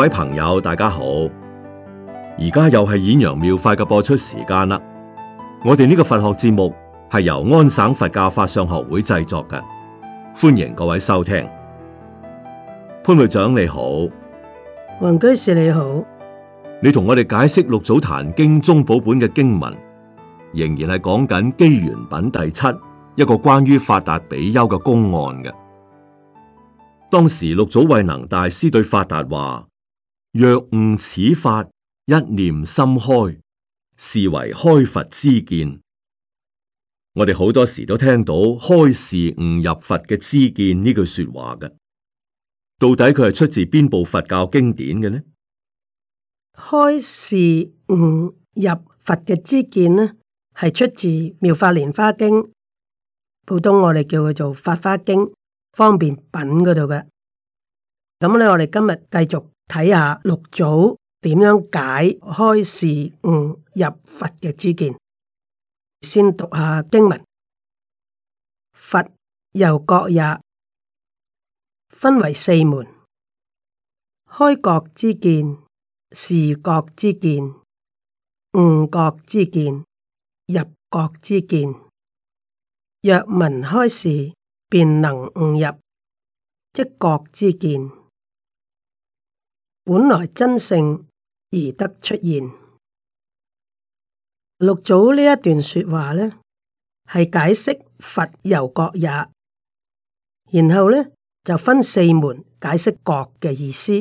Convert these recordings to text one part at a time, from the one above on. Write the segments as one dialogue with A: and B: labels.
A: 各位朋友，大家好！而家又係《演揚妙法》嘅播出時間啦。我哋呢個佛學節目係由安省佛教法相學會製作嘅，歡迎各位收聽。潘會長你好，
B: 黃居士你好，
A: 你同我哋解釋《六祖壇經》宗寶本嘅經文，仍然係講緊《機緣品》第七，一個關於法達比丘嘅公案嘅。當時六祖慧能大師對法達話。若悟此法，一念心開，是為開佛之見。我哋好多時都聽到開示悟入佛嘅知見呢句說話嘅，到底佢係出自邊部佛教經典嘅呢？
B: 開示悟入佛嘅知見呢，係出自《妙法蓮花經》，普通我哋叫佢做《法花經》方便品嗰度嘅。咁呢，我哋今日繼續。睇下六祖點樣解開示悟入佛嘅知見，先讀下經文。佛猶覺也」，分為四門：開覺知見、示覺知見、悟覺知見、入覺知見。若聞開示，便能悟入，即覺知見。本來真性而得出現，六祖呢一段說話呢，係解釋佛猶覺也，然後呢，就分四門解釋覺嘅意思。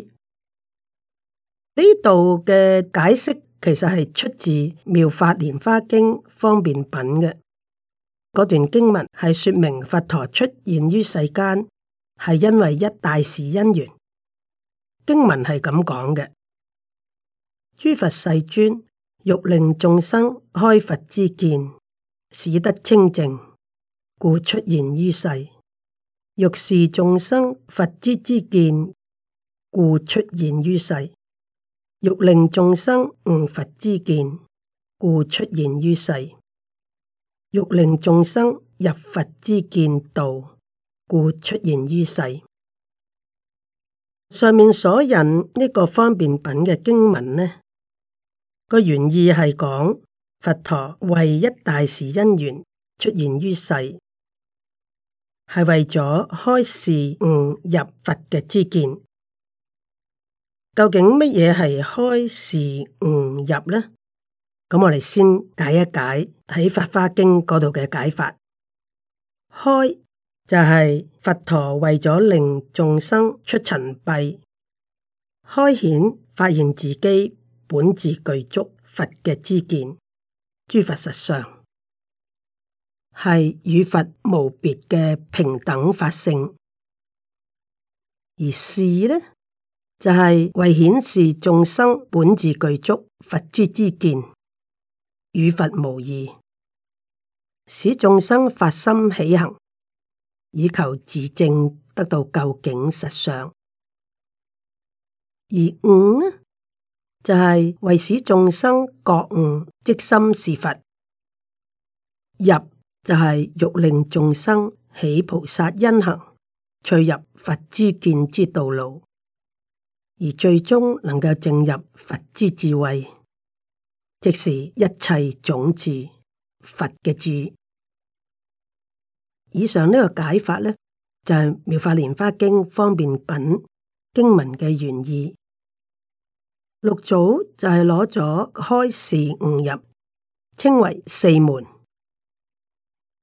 B: 呢度嘅解釋其實係出自《妙法蓮華經》方便品嘅嗰段經文，係說明佛陀出現於世間係因為一大事因緣。經文係咁講嘅：諸佛世尊欲令眾生開佛之見，使得清淨，故出現於世；欲示眾生佛之之見，故出現於世；欲令眾生悟佛之見，故出現於世；欲令眾生入佛之見道，故出現於世。上面所引呢個方便品嘅經文呢個原意係講佛陀為一大事因緣出現於世，係為咗開示悟入佛嘅知見。究竟乜嘢係開示悟入呢？咁我哋先解一解喺《法華經》嗰度嘅解法，開。就係佛陀為咗令眾生出塵蔽，開顯發現自己本自具足佛嘅知見，諸佛實相係與佛無別嘅平等法性。而示呢，就係、是、為顯示眾生本自具足佛之知見與佛無異，使眾生發心起行。以求自證得到究竟實相，而悟呢就係、是、為使眾生覺悟即心是佛，入就係欲令眾生起菩薩因行，趣入佛之見之道路，而最終能夠證入佛之智慧，即是一切種子佛嘅智。以上呢個解法呢，就係妙法蓮花經方便品經文嘅原意。六祖就係攞咗開示悟入，稱為四門。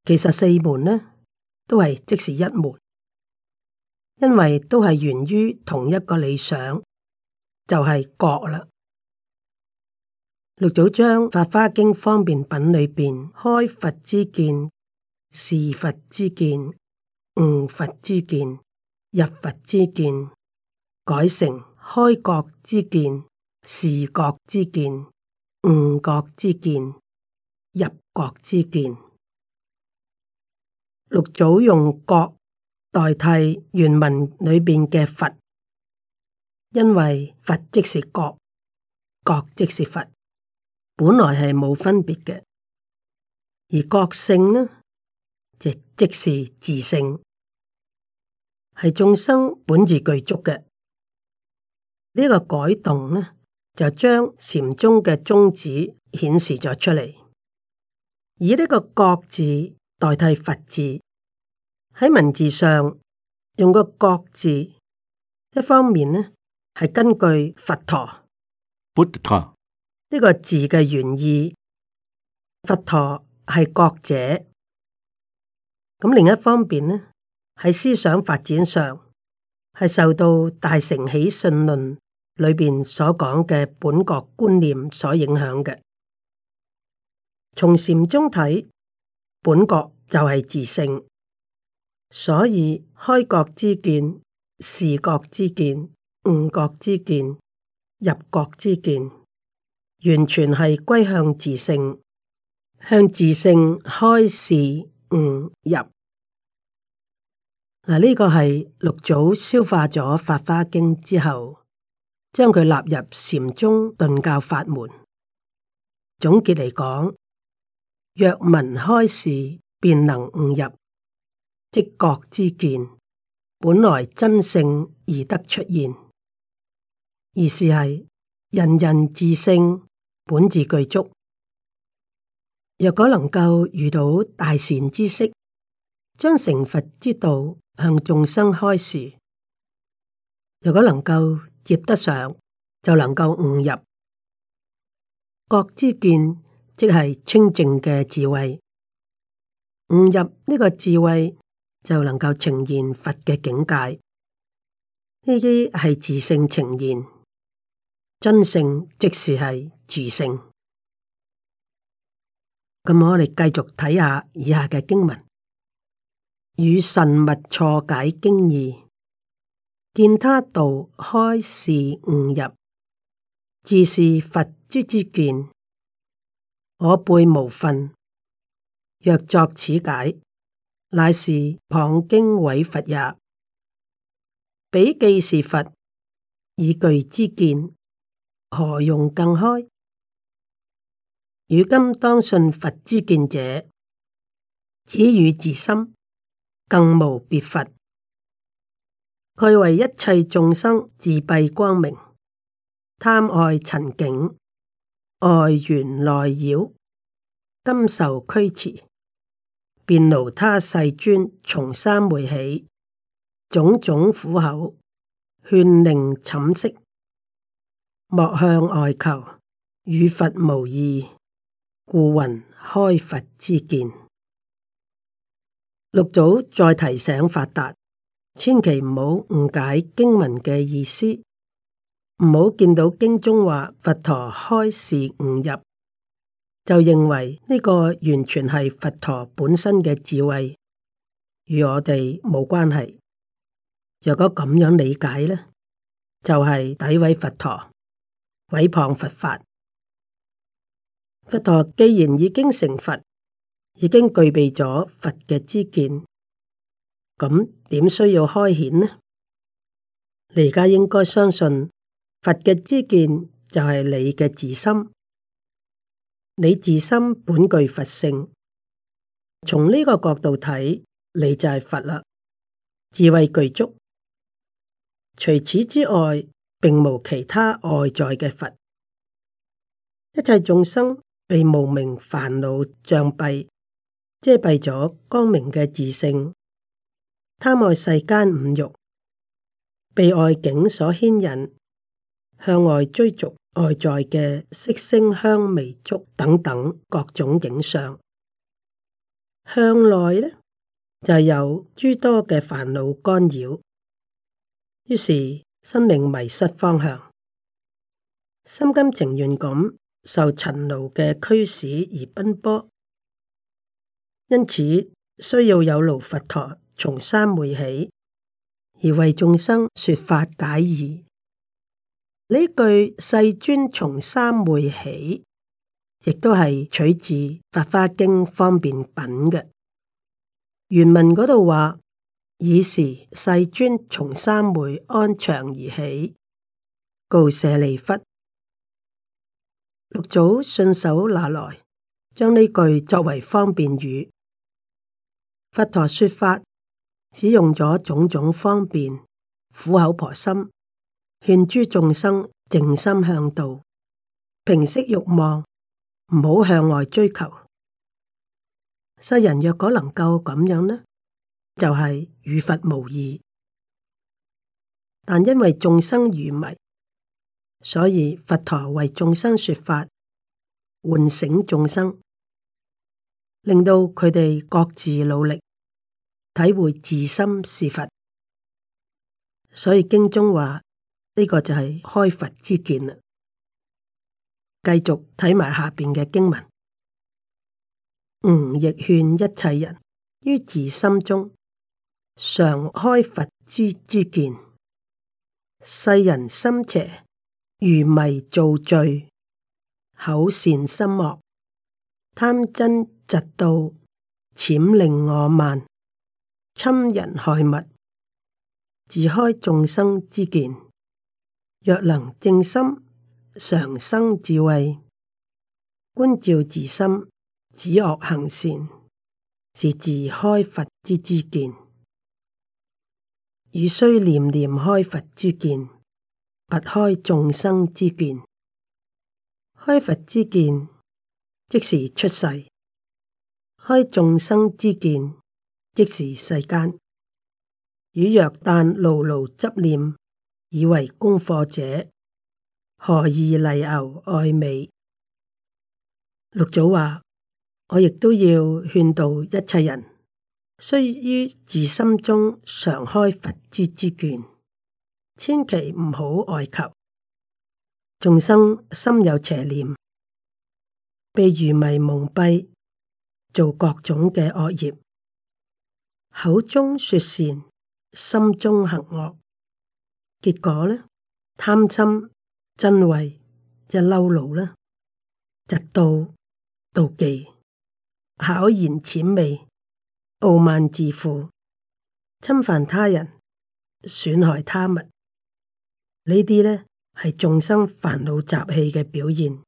B: 其實四門呢，都係即是一門，因為都係源於同一個理想，就係覺啦。六祖將法花經方便品裏邊開佛之見。示佛之見、悟、嗯、佛之見、入佛之見，改成開覺之見、示覺之見、悟、嗯、覺之見、入覺之見。六祖用覺代替原文裏邊嘅佛，因為佛即是覺，覺即是佛，本來係冇分別嘅，而覺性呢？即即是自性，係眾生本自具足嘅。呢個改動呢，就將禪宗嘅宗旨顯示咗出嚟，以呢個國字代替佛字喺文字上用個國字，一方面呢係根據佛陀呢 Buddha 個字嘅原意，佛陀係國者。咁另一方面呢，喺思想發展上係受到《大乘起信論》裏邊所講嘅本覺觀念所影響嘅。從禪宗睇，本覺就係自性，所以開覺之見、示覺之見、悟覺之見、入覺之見，完全係歸向自性，向自性開示。悟入嗱呢，這個係六祖消化咗法華經之後，將佢納入禪宗頓教法門。總結嚟講，若聞開示，便能悟入即覺之見，本來真性而得出現，意思係人人自性本自具足。若果能夠遇到大善知識，將成佛之道向眾生開示；若果能夠接得上，就能夠悟入覺知見，即係清淨嘅智慧。悟入呢個智慧，就能夠呈現佛嘅境界。呢啲係自性呈現，真性即是係自性。咁我哋繼續睇下以下嘅經文，與神物錯解經義，見他道開示悟入，自是佛之知見，我輩無分。若作此解，乃是謗經毀佛也。彼既是佛，已具知見，何用更開？如今當信佛之見者，此與自心更無別佛，蓋為一切眾生自蔽光明，貪愛塵境，外緣內擾，甘受驅馳，便勞他世尊從三昧起，種種苦口勸令寢息，莫向外求，與佛無異。故云開佛之見，六祖再提醒法達，千祈唔好誤解經文嘅意思，唔好見到經中話佛陀開示悟入，就認為呢個完全係佛陀本身嘅智慧，與我哋冇關係。若果咁樣理解呢，就係詆毀佛陀，毀謗佛法。佛陀既然已經成佛，已經具備咗佛嘅知見，咁點需要開顯呢？你而家應該相信佛嘅知見就係你嘅自心，你自心本具佛性，從呢個角度睇，你就係佛啦，智慧具足。除此之外，並無其他外在嘅佛，一切眾生被無明煩惱障蔽遮蔽咗光明嘅自性，貪愛世間五欲，被外境所牽引，向外追逐外在嘅色聲香味觸等等各種景象。向內呢就有諸多嘅煩惱干擾，於是生命迷失方向，心甘情願咁。受塵勞嘅驅使而奔波，因此需要有勞佛陀從三昧起而為眾生說法解疑。呢句世尊從三昧起，亦都係取自《法華經》方便品嘅原文嗰度話：以時世尊從三昧安詳而起，告舍利弗。祖順手拿來，將呢句作為方便語。佛陀說法使用咗種種方便，苦口婆心勸諸眾生靜心向道，平息慾望，唔好向外追求。世人若果能夠咁樣呢，就係、是、與佛無異。但因為眾生愚迷。所以佛陀為眾生說法，喚醒眾生，令到佢哋各自努力體會自心是佛。所以經中話呢、這個就係開佛之見啦。繼續睇埋下邊嘅經文。吾、嗯、亦勸一切人於自心中常開佛之之見，世人心邪。愚迷造罪，口善心惡，貪嗔嫉妒，諂佞我慢，侵人害物，自開眾生知見。若能正心，常生智慧，觀照自心，止惡行善，是自,自開佛之知見。汝須念念開佛知見。拔開眾生之見，開佛之見，即是出世；開眾生之見，即是世間。汝若但勞勞執念，以為功課者，何以犁牛愛美？六祖話：我亦都要勸導一切人，須於自心中常開佛之之見。千祈唔好外求，眾生心有邪念，被愚迷蒙蔽，做各種嘅惡業，口中說善，心中行惡，惡，結果呢？貪心、瞋恚就嬲怒啦，嫉妒、妒忌，巧言諂媚，傲慢自負，侵犯他人，損害他物。呢啲咧，係眾生煩惱習氣嘅表現，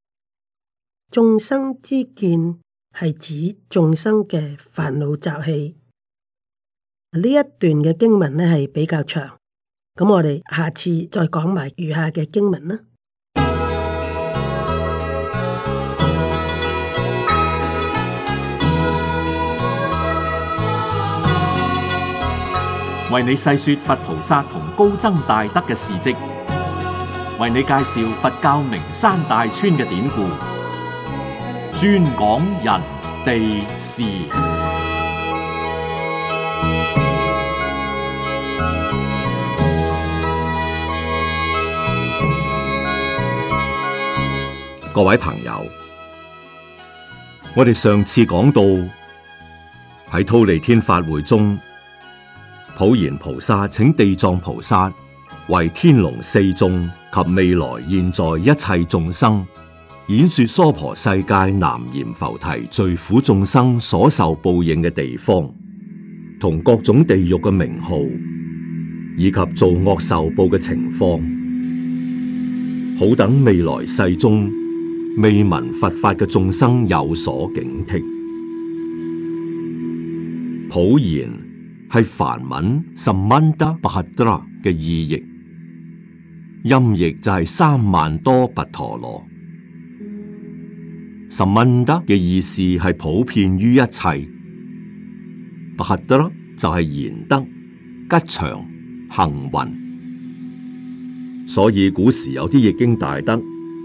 B: 眾生之見係指眾生嘅煩惱習氣。呢一段嘅經文咧，係比較長，咁我哋下次再講埋餘下嘅經文啦。
A: 為你細說佛菩薩同高僧大德嘅事跡。為你介紹佛教名山大川嘅典故，專講人地事。各位朋友，我哋上次講到喺忉利天法會中，普賢菩薩請地藏菩薩。為天龍四眾及未來現在一切眾生演說娑婆世界南延浮提最苦眾生所受報應嘅地方，同各種地獄嘅名號，以及做惡受報嘅情況，好等未來世中未聞佛法嘅眾生有所警惕。普賢係梵文 samantabhadra 嘅意譯。音譯就係三曼多跋陀羅，十文德嘅意思係普遍於一切，不核得咯就係賢德吉祥幸運，所以古時有啲譯經大德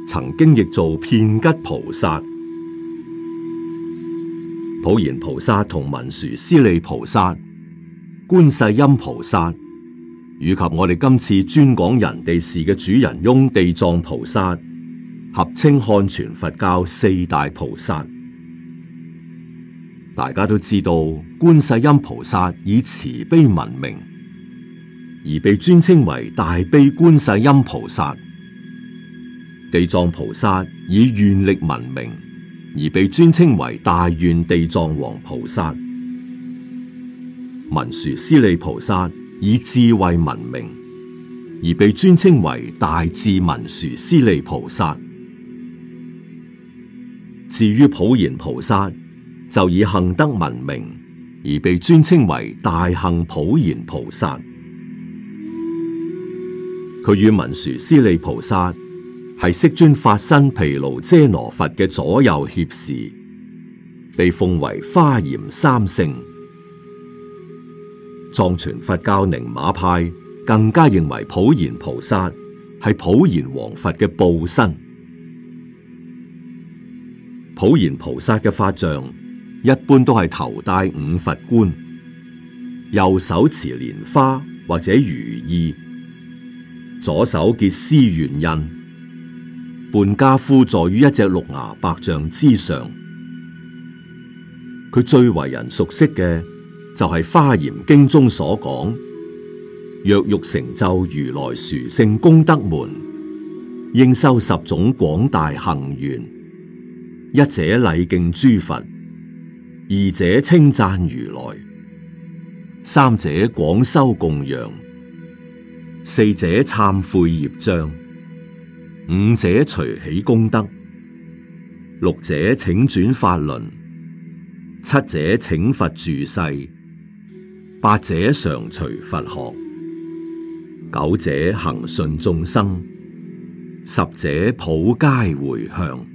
A: 曾經譯做遍吉菩薩、普賢菩薩、同文殊師利菩薩、觀世音菩薩。以及我哋今次專講人哋事嘅主人翁地藏菩薩，合稱漢傳佛教四大菩薩。大家都知道，觀世音菩薩以慈悲聞名，而被尊稱為大悲觀世音菩薩；地藏菩薩以願力聞名，而被尊稱為大願地藏王菩薩。文殊師利菩薩。以智慧聞名，而被尊稱為大智文殊師利菩薩。至於普賢菩薩，就以行德聞名，而被尊稱為大行普賢菩薩。佢與文殊師利菩薩係釋尊法身毗盧遮羅佛嘅左右脅侍，被奉為華嚴三聖。藏傳佛教寧馬派更加認為普賢菩薩係普賢王佛嘅報身。普賢菩薩嘅法像一般都係頭戴五佛冠，右手持蓮花或者如意，左手結施願印，半跏趺坐於一隻六牙白象之上。佢最為人熟悉嘅。就係、是《花嚴經》中所講：若欲成就如來殊勝功德門，應修十種廣大行願。一者禮敬諸佛，二者稱讚如來，三者廣修供養，四者懺悔業障，五者隨喜功德，六者請轉法輪，七者請佛住世。八者常隨佛學，九者恆順眾生，十者普皆回向。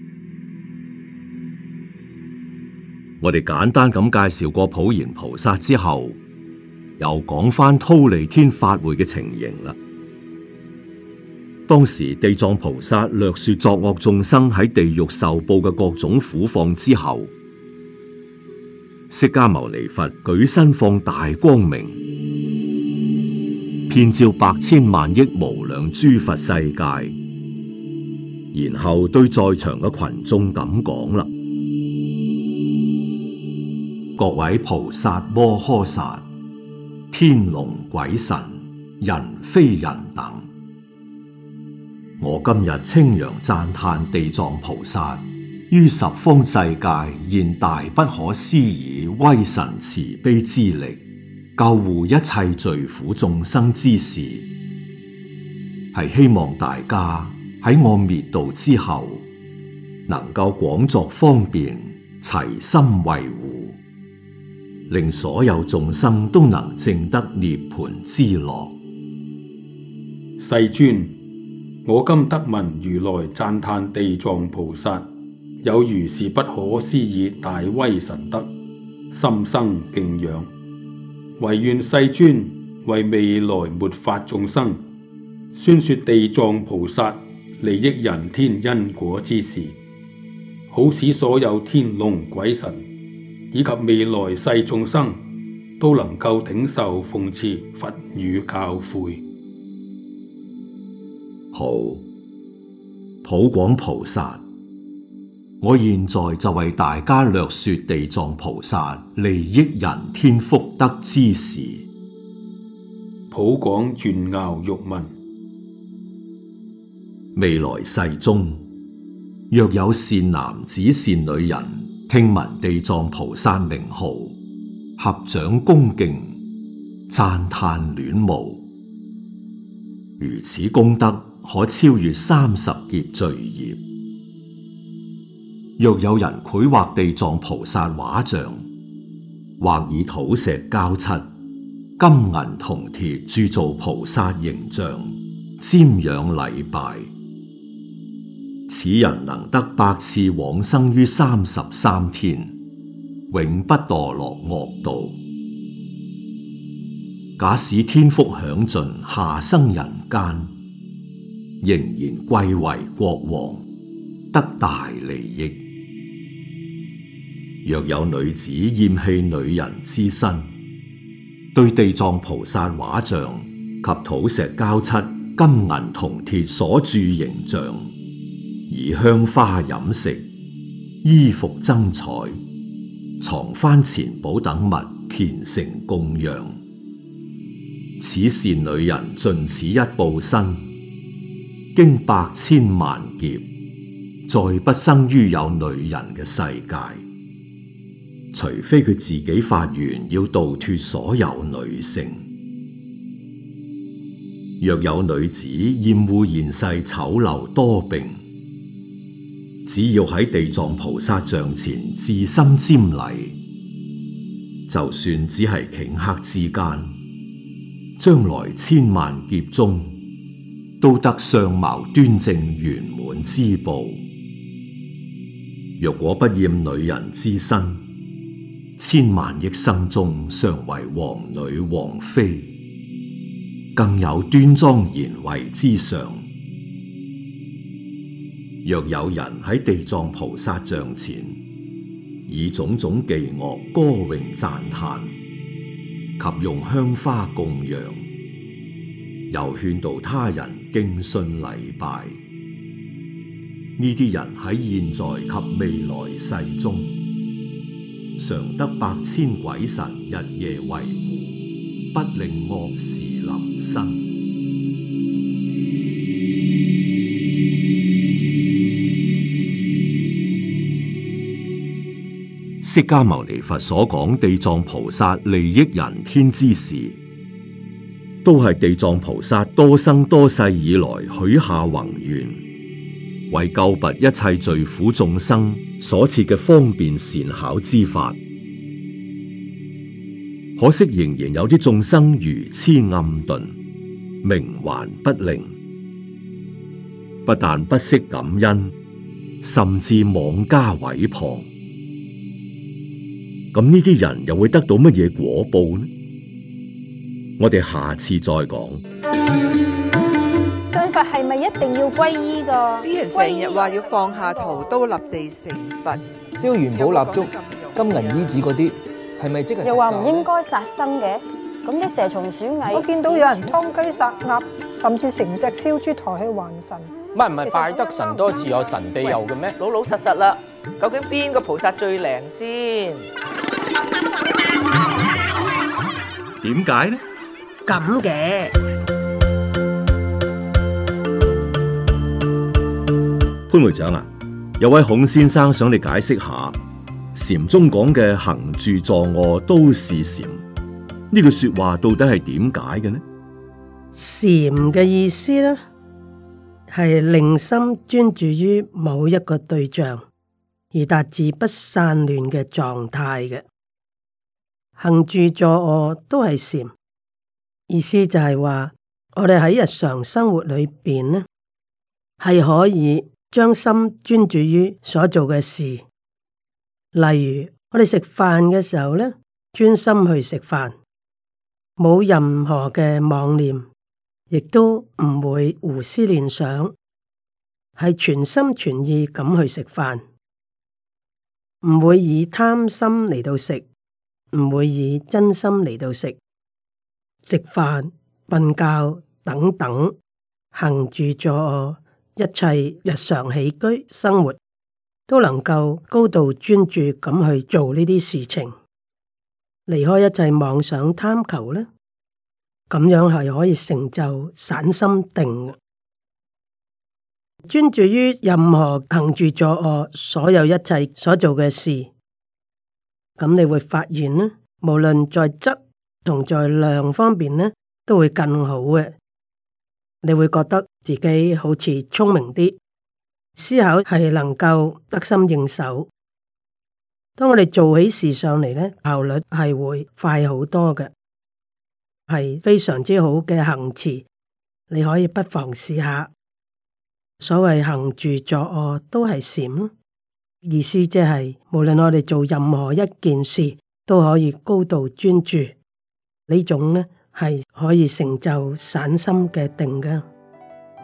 A: 我哋簡單咁介紹過普賢菩薩之後，又講翻忉利天法會嘅情形啦。當時地藏菩薩略說作惡眾生喺地獄受報嘅各種苦況之後，釋迦牟尼佛舉身放大光明，遍照百千萬億無量諸佛世界，然後對在場嘅群眾咁講啦：各位菩薩摩訶薩、天龍鬼神、人非人等，我今日稱揚讚嘆地藏菩薩。於十方世界現大不可思議威神慈悲之力，救護一切罪苦眾生之事，係希望大家喺我滅度之後，能夠廣作方便，齊心維護，令所有眾生都能證得涅槃之樂。世尊，我今得聞如來讚嘆地藏菩薩。有如是不可思議大威神德，心生敬仰，唯願世尊為未來末法眾生，宣說地藏菩薩利益人天因果之事，好使所有天龍鬼神以及未來世眾生都能夠聽受奉持佛語、佛語教誨。好，普廣菩薩。我現在就為大家略說地藏菩薩利益人天福德之事。普廣，願樂欲聞：未來世中，若有善男子善女人，聽聞地藏菩薩名號，合掌恭敬，讚歎戀慕。如此功德，可超越三十劫罪業。若有人繪畫地藏菩薩畫像，或以土石膠漆、金銀銅鐵鑄造菩薩形象，瞻仰禮拜，此人能得百次往生於三十三天，永不墮落惡道。假使天福享盡，下生人間，仍然貴為國王，得大利益。若有女子厭棄女人之身，對地藏菩薩畫像及土石膠漆、金銀銅鐵所鑄形象而香花飲食、衣服增彩、藏番錢寶等物虔誠供養，此善女人盡此一報身，經百千萬劫，再不生於有女人嘅世界。除非佢自己發願要度脱所有女性，若有女子厭惡現世醜陋多病，只要喺地藏菩薩像前志心瞻禮，就算只係頃刻之間，將來千萬劫中都得相貌端正圓滿之報。若果不厭女人之身，千萬億生中，尚為王女王妃，更有端莊賢惠之上。若有人喺地藏菩薩像前，以種種忌惡歌詠讚嘆，及用香花供養，又勸導他人敬信禮拜，呢啲人喺現在及未來世中。常得百千鬼神日夜衛護，不令惡事臨身。釋迦牟尼佛所講地藏菩薩利益人天之事，都係地藏菩薩多生多世以來許下宏願。為救拔一切罪苦眾生所設嘅方便善巧之法，可惜仍然有啲眾生如痴暗鈍，冥頑不靈，不但不識感恩，甚至妄加毀謗。咁呢啲人又會得到乜嘢果報呢？我哋下次再講。係咪一定要皈依噶？啲人成日話要放下屠刀，
B: 立地成佛，
A: 燒元寶蠟燭、金銀衣紙嗰啲，係咪即係？又話唔應
B: 該殺生嘅，咁啲蛇蟲鼠蟻，我見到有人劏雞殺鴨，甚至成隻燒豬抬去還神。
A: 唔係唔係，拜得神多自有神庇佑嘅咩？老老
B: 實實啦，究竟邊個菩薩最靈先？
A: 點解呢？
B: 咁嘅。
A: 潘會長啊，有位孔先生想你解釋下禪宗講嘅行住坐臥都是禪，呢句說話到底係點解嘅呢？
B: 禪嘅意思咧，係令心專注於某一個對象，而達至不散亂嘅狀態嘅。行住坐臥都係禪，意思就係話我哋喺日常生活裏邊呢，係可以。將心專注於所做嘅事，例如我哋食飯嘅時候呢，專心去食飯，冇任何嘅妄念，亦都唔會胡思亂想，係全心全意咁去食飯，唔會以貪心嚟到食，唔會以真心嚟到食，食飯、瞓覺等等，行住坐臥。一切日常起居生活都能夠高度專注咁去做呢啲事情，離開一切妄想貪求咧，咁樣係可以成就散心定嘅。專注於任何行住坐卧所有一切所做嘅事，咁你會發現咧，無論在質同在量方面咧，都會更好嘅。你會覺得自己好似聰明啲，思考係能夠得心應手。當我哋做起事上嚟呢，效率係會快好多嘅，係非常之好嘅行持。你可以不妨試下。所謂行住坐卧都係禪，意思即係無論我哋做任何一件事，都可以高度專注呢種呢。係可以成就散心嘅定噶。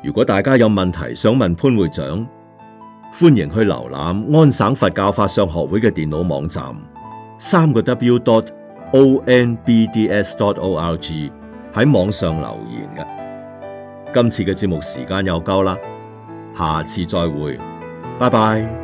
A: 如果大家有問題想問潘會長，歡迎去瀏覽安省佛教法相學會嘅電腦網站，三個 W dot O N B D S dot O R G 喺網上留言噶。今次嘅節目時間又夠啦，下次再會，拜拜。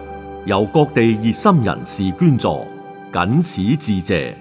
A: 由各地熱心人士捐助，謹此致謝。